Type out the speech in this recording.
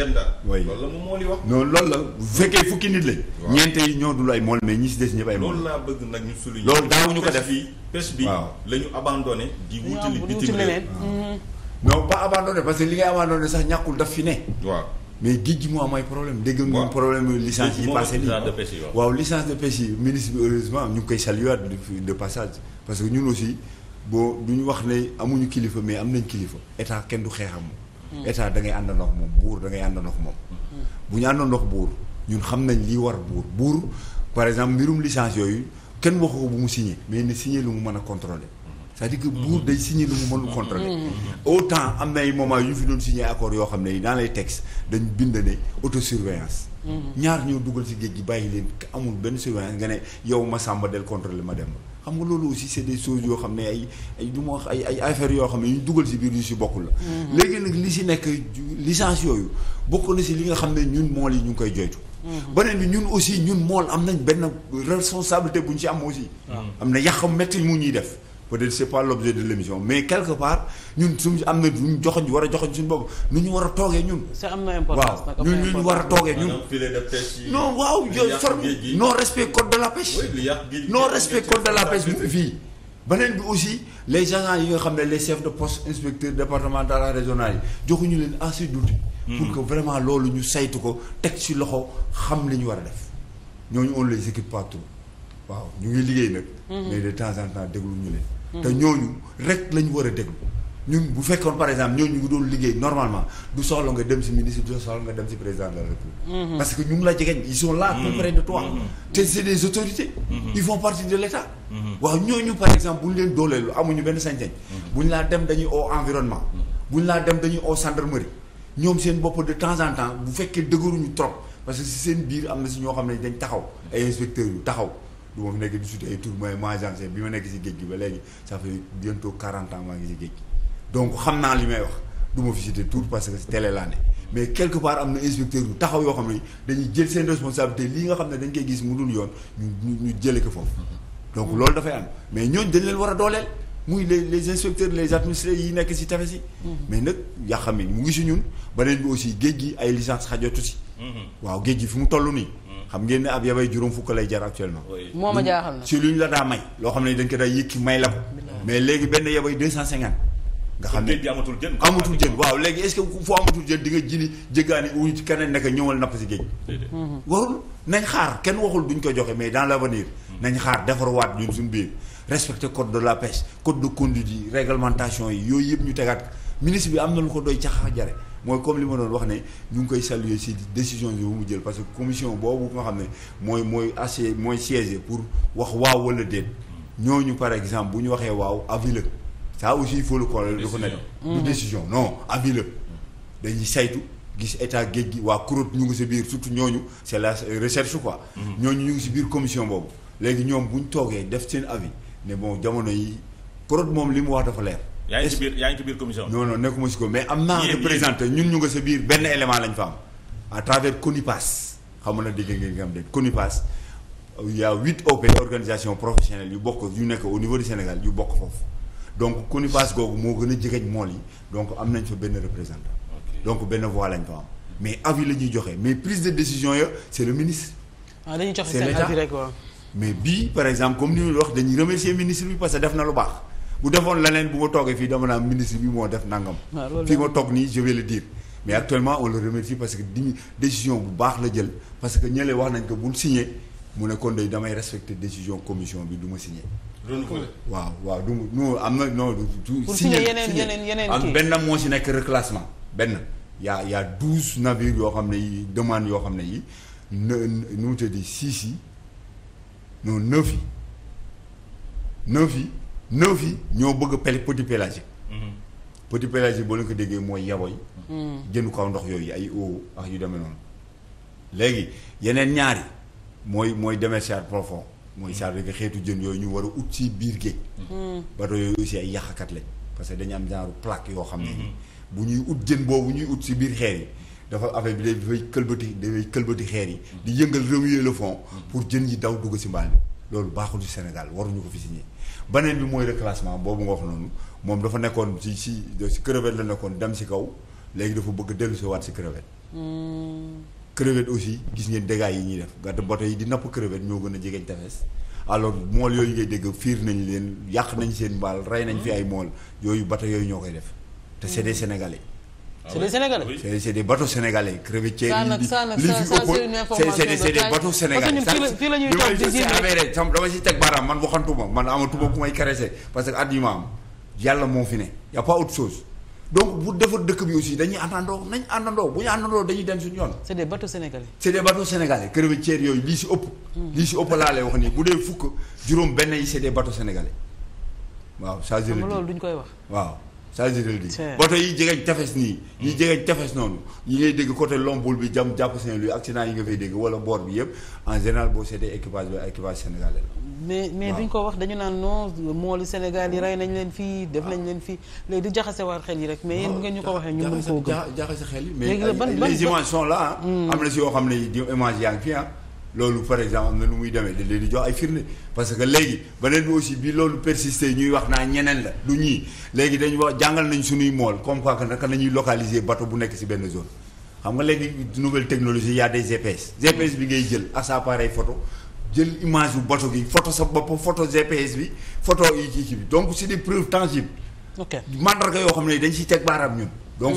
gendal loolu la loolu la bu fekkee fukki nit lañ ñeente yi ñoo dul ay mool mais ñi si des ñëpp ay mool loolu bëgg nag ñu souligner loolu daawuñu ko def bi pêche bi la ñu abandonné di wutali bitim réew mm-hmm. non pas abandonné parce que li ngay abandonné sax ñàkkul daf fi ne waaw mais géej moo am ay problème dégg nga problème licence yi passé nii waaw licence de pêche yi ministre heureusement ñu ngi koy saluer de passage parce que ñun aussi boo duñu wax ne amuñu kilifa mais am nañ kilifa état kenn du xeexam Hmm. état da ngay àndandoo ak moom buur da ngay àndandoo ak moom. Hmm. bu ñu àndandoo ak buur ñun xam nañ li war buur buur par exemple mbirum licence yooyu kenn waxu ko bu mu signé mais ni signé lu mu mën a contrôler. c'est-à-dire que buur day signé lu mu mënul contrôler mm-hmm. autant am na ay moment yu fi doon signé accord yoo xam ne yi dans les textes dañ bind ne autosurveillance mm-hmm. ñaar ñoo dugal si géej gi bàyyi leen amul benn surveillance nga ne yow ma sàmba del contrôler ma dem xam nga loolu aussi c'est des choses yoo xam ne ay ay du ay ay yoo xam ne dugal si biir yu si bokkul la mm-hmm. léegi nag li si nekk licence yooyu bokk na si li nga xam ne ñun mool yi ñu ngi koy jooytu beneen bi ñun aussi ñun mool am nañ benn responsabilité bu ñu si am aussi am na yàq metti mu ñuy def peut-être c'est pas l'objet de l'émission mais quelque part ñun suñu am na ñu joxoñ war a joxoñ suñu bopp nu ñu war a toogee ñun. ça na importance waaw ñun ñu war a toogee ñun. non waaw forme non respect code de la pêche. non respect code de la pêche mu ngi fii. beneen bi aussi les agents yi nga xam ne les chef de poste inspecteurs départemental régional yi joxuñu leen assez d'outils hmm. pour que vraiment loolu ñu saytu ko teg ci loxo xam li ñu war a def ñoo ñooñu on les équipe pas trop waaw ñu ngi liggéey nag. Mhm. mais de temps en temps déglu ñu leen. Mhm. te ñooñu rek la ñu war a déglu. ñun bu fekkoon par exemple ñooñu ngi doon liggéey normalement du soxla nga dem si ministre du soxla nga dem ci président de la République. Mhm. parce que ñu ngi la jegeñ ils sont là tout près de toi. te c'est des autorités. ils font partie de l'État. waaw ñooñu par exemple bu ñu leen dooleelu amuñu benn sañ-sañ. bu ñu laa dem dañuy au environnement. bu ñu laa dem dañuy au gendarmerie. ñoom seen bopp de en temps bu fekkee dëgëruñu trop parce que seen biir am na ci ñoo xam ne dañ taxaw ay inspecteurs yu taxaw. du ma fi nekk di suti ay tur mooy mois bi ma nekk si géej gi ba léegi ça fait bientôt quarante ans maa ngi si géej gi donc xam naa li may wax du ma fi cité tur parce que si télé laa ne mais quelque part am na inspecteur yu taxaw yoo xam ne dañuy jël seen responsabilité lii nga xam ne dañ koy gis mu dul yoon ñu ñu jële ko foofu donc loolu dafay am mais ñooñu dañ leen war a dooleel muy les les inspecteurs les administrés yi nekk si tefes yi mais nag xam ne mu ngi si ñun beneen bi aussi géej gi ay licence xajatu si mhm. waaw géej gi fi mu toll nii xam ngeen ne ab yabay juróom fukk lay jar actuellement. moo a jaaxal na si lu ñu la daa may. loo xam ne dañ ko daa yëkki may la ko. mais léegi benn yabay deux cent cinquante. nga xam ne amatul jën. amatul jën waaw léegi est-ce que foo amatul jën di nga jini jëggaani wuñu ci keneen nekk ñëwal napp si géej. Mm-hmm. warul nañ xaar kenn waxul duñ ko joxe mais dans l'avenir. Mm-hmm. nañ xaar defarwaat ñun suñu biir respecter code de la pêche code de conduite yi réglementation yi yooyu yëpp ñu tegaat ministr bi am na ko doy caxaa jare mooy comme li ma doon wax ne ñu ngi koy saluer ci décision yi mu jël parce que commission boobu nga xam ne mooy mooy assez mooy siégé pour wax waaw wala déet ñooñu par exemple bu ñu waxee waaw avis la ça aussi il faut le connaître dafa nekk du mm. décision non avis la dañuy saytu gis état géej gi waa kuréel ñu ngi si biir surtout ñooñu c'est la recherche quoi mm-hmm. ñooñu ñu ngi si biir commission boobu léegi ñoom bu ñu toogee def seen avis ne bon jamono yi kuréel moom li mu wax dafa leer yaa ngi ci biir yaa ngi nekkuma si ko mais am naa représenté ñun ñu nga sa biir benn élément lañ fa am à travers CONIPAS xam na dégg ngeen nga am de CONIPAS il y a huit organisation professionnelle yu bokk yu nekk au niveau du Sénégal yu bokk foofu donc CONIPAS googu moo gën a jegeñ mool yi donc am nañ fa benn représentant donc benn voix lañ fa am mais avis la ñuy joxe mais prise de décision ya c' est le ministre. waaw ah, dañuy joxe seen mais bii par exemple comme parce que def na lu baax. bu defoon leneen bu ma toogee fii dama naan ministre bi moo def nangam. Ah, fii ma toog nii je vais le dire. mais actuellement on le remercie parce que di décision bu baax la jël parce que ñële wax nañ ko bu ñu signé mu ne kon de damay respecter décision commission bi du ma signé. waaw waaw du mu am na non. pour signer yeneen yeneen yeneen kii benn moo si nekk reclassement benn. y' a y' a douze navires yoo xam ne yi demande yoo xam ne yi ne nu mu tëddee six yi neuf fii ñoo bëgg peli petit pélagique mhm. petit pélagique boo leen ko déggee mooy yaboy mhm. jënu kaw ndox yooyu ay oo ak yu demee noonu léegi yeneen ñaari mooy mooy démercial profond mooy c'est-à-dire xeetu jën yooyu ñu war a ut ci biir géej mhm. bateau yooyu aussi ay yàqkat lañ parce que dañu am genre plaque yoo xam ne bu ñuy ut jën boobu ñuy ut si biir xeer yi dafa affaire bi day dafay këlbati dafay këlbati xeer yi di yëngal remuer le pour jën yi daw dugg ci mbaal bi loolu baaxul ci Sénégal waruñu ko fi si signé beneen bi mooy reclassement boobu nga wax noonu moom dafa nekkoon ci si ci crevette la nekkoon dem si kaw léegi dafa bëgg dellu si waat ci crevette. Hmm. crevette aussi gis ngeen dégâts yi ñuy def gàtt bato yi di napp crevette ñoo gën a jegeñ tefes alors mool yooyu ngay dégg fiir nañu leen yàq nañ seen baal rey nañ fi ay mool yooyu bato yooyu ñoo koy def te c'est des c'est des ah sénégalais. c'est c'est des bateaux sénégalais crevettiers. li li fi ëppoon c'est c'est que fii la ñuy toog di rek dama dëkk bi aussi dañuy àndandoo nañ àndandoo bu ñu dañuy dem suñu yoon. c'est des bateaux sénégalais. c'est des bateaux sénégalais crevettiers yooyu lii si ëpp. Hmm. lii si ëpp laa lay wax nii bu dee fukk juróom benn yi c'est des bateaux sénégalais waaw. ça je le duñ koy wax waaw ça je le dis oto yi jegeñ tefes nii yi jegeñ tefes noonu yi ngay dégg côté Lombul bi jam jàpp Saint-Louis accident yi nga fay dégg wala boor bi yëpp en général boo seetee équipage bi équipage sénégalais la mais mais duñ ko wax dañu naan non moolu Sénégal yi rey nañ leen fii def nañ leen fii léegi du jaxase waat xel yi rek mais yéen ngeen ñu ko waxee ñu mën koo gëm jaxase xel yi mais les images sont là hmm. am na si yoo xam ne di image yaa ngi fi loolu par exemple am na nu muy demee dañ leen di jox ay firnde parce que léegi beneen bi aussi bi loolu persister ñuy wax naa ñeneen la du ñii léegi dañu wax jàngal nañ suñuy mool comme quoi que naka la ñuy localiser bateau bu nekk ci benn zone xam nga léegi nouvelle technologie y a des GPS GPS bi ngay jël ak sa photo jël image bu bateau gi photo sa bopp photo GPS bi photo yi ci bi donc c'est des preuves tangibles ok mandarga yoo xam ne dañ si teg baaraam ñun